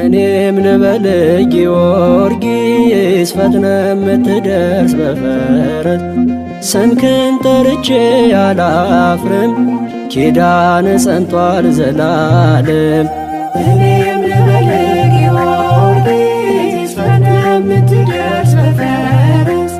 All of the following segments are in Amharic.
እኔም ልበል ጊዮርጊስ ፈጥነ የምትደርስ በፈረስ ስምህን ጠርቼ አላፍርም ኪዳን ጸንቷል ዘላለም እኔም ልበል ጊዮርጊስ ፈጥነ የምትደርስ በፈረስ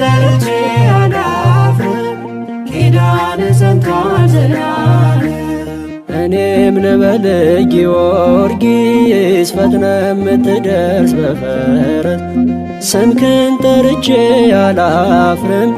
ጠርቼ አላፍርም ኪዳን ጸንቷል ዘላለም እኔም ልበል ጊዮርጊስ ፈጥነ የምትደርስ በፈረስ ስምክን ጠርቼ አላፍርም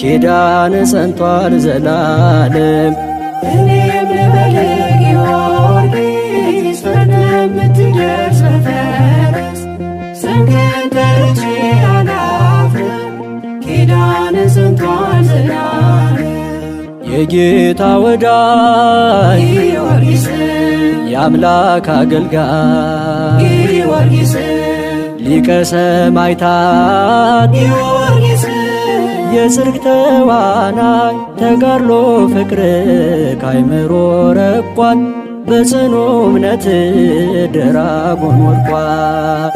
ኪዳን ጸንቷል ዘላለም እኔም ልበል ጊዮርጊስ ፈጥነ የምትደርስ በፈረስ ስምክን ጠርቼ አላፍርም ኪዳን ጸንቷል ዘላለም የጌታ ወዳጅ ጊዮርጊስ የአምላክ አገልጋይ ጊዮርጊስ ሊቀ ሰማዕታት ጊዮርጊስ የጽድቅ ተዋናይ ተጋድሎ ፍቅር ካይምሮ ረቋል በጽኑ እምነት ደራጎን ወድቋል።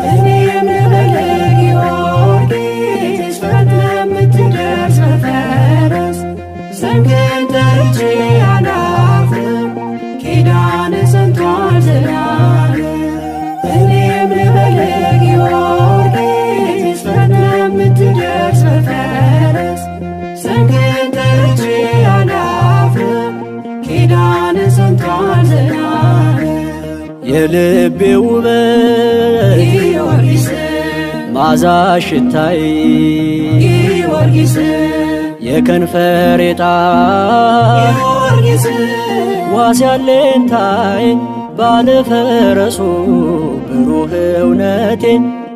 ስፈርስ ስምህን ጠርቼ አላፍርም ኪዳንህ ጸንቷል ዘላለም የልቤ ውበት ጊዮርጊስ መዓዛሽ ሽታይ ጊዮርጊስ የከንፈሬ ጣዕም ጊዮርጊስ ዋስ ያለኝ ታይ ባለፈረሱ ብሩህ እውነቴ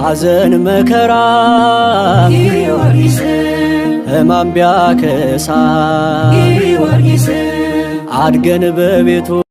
ሐዘን መከራ ጊዮርጊስ ሕማም ቢያከሳ አድገን በቤቱ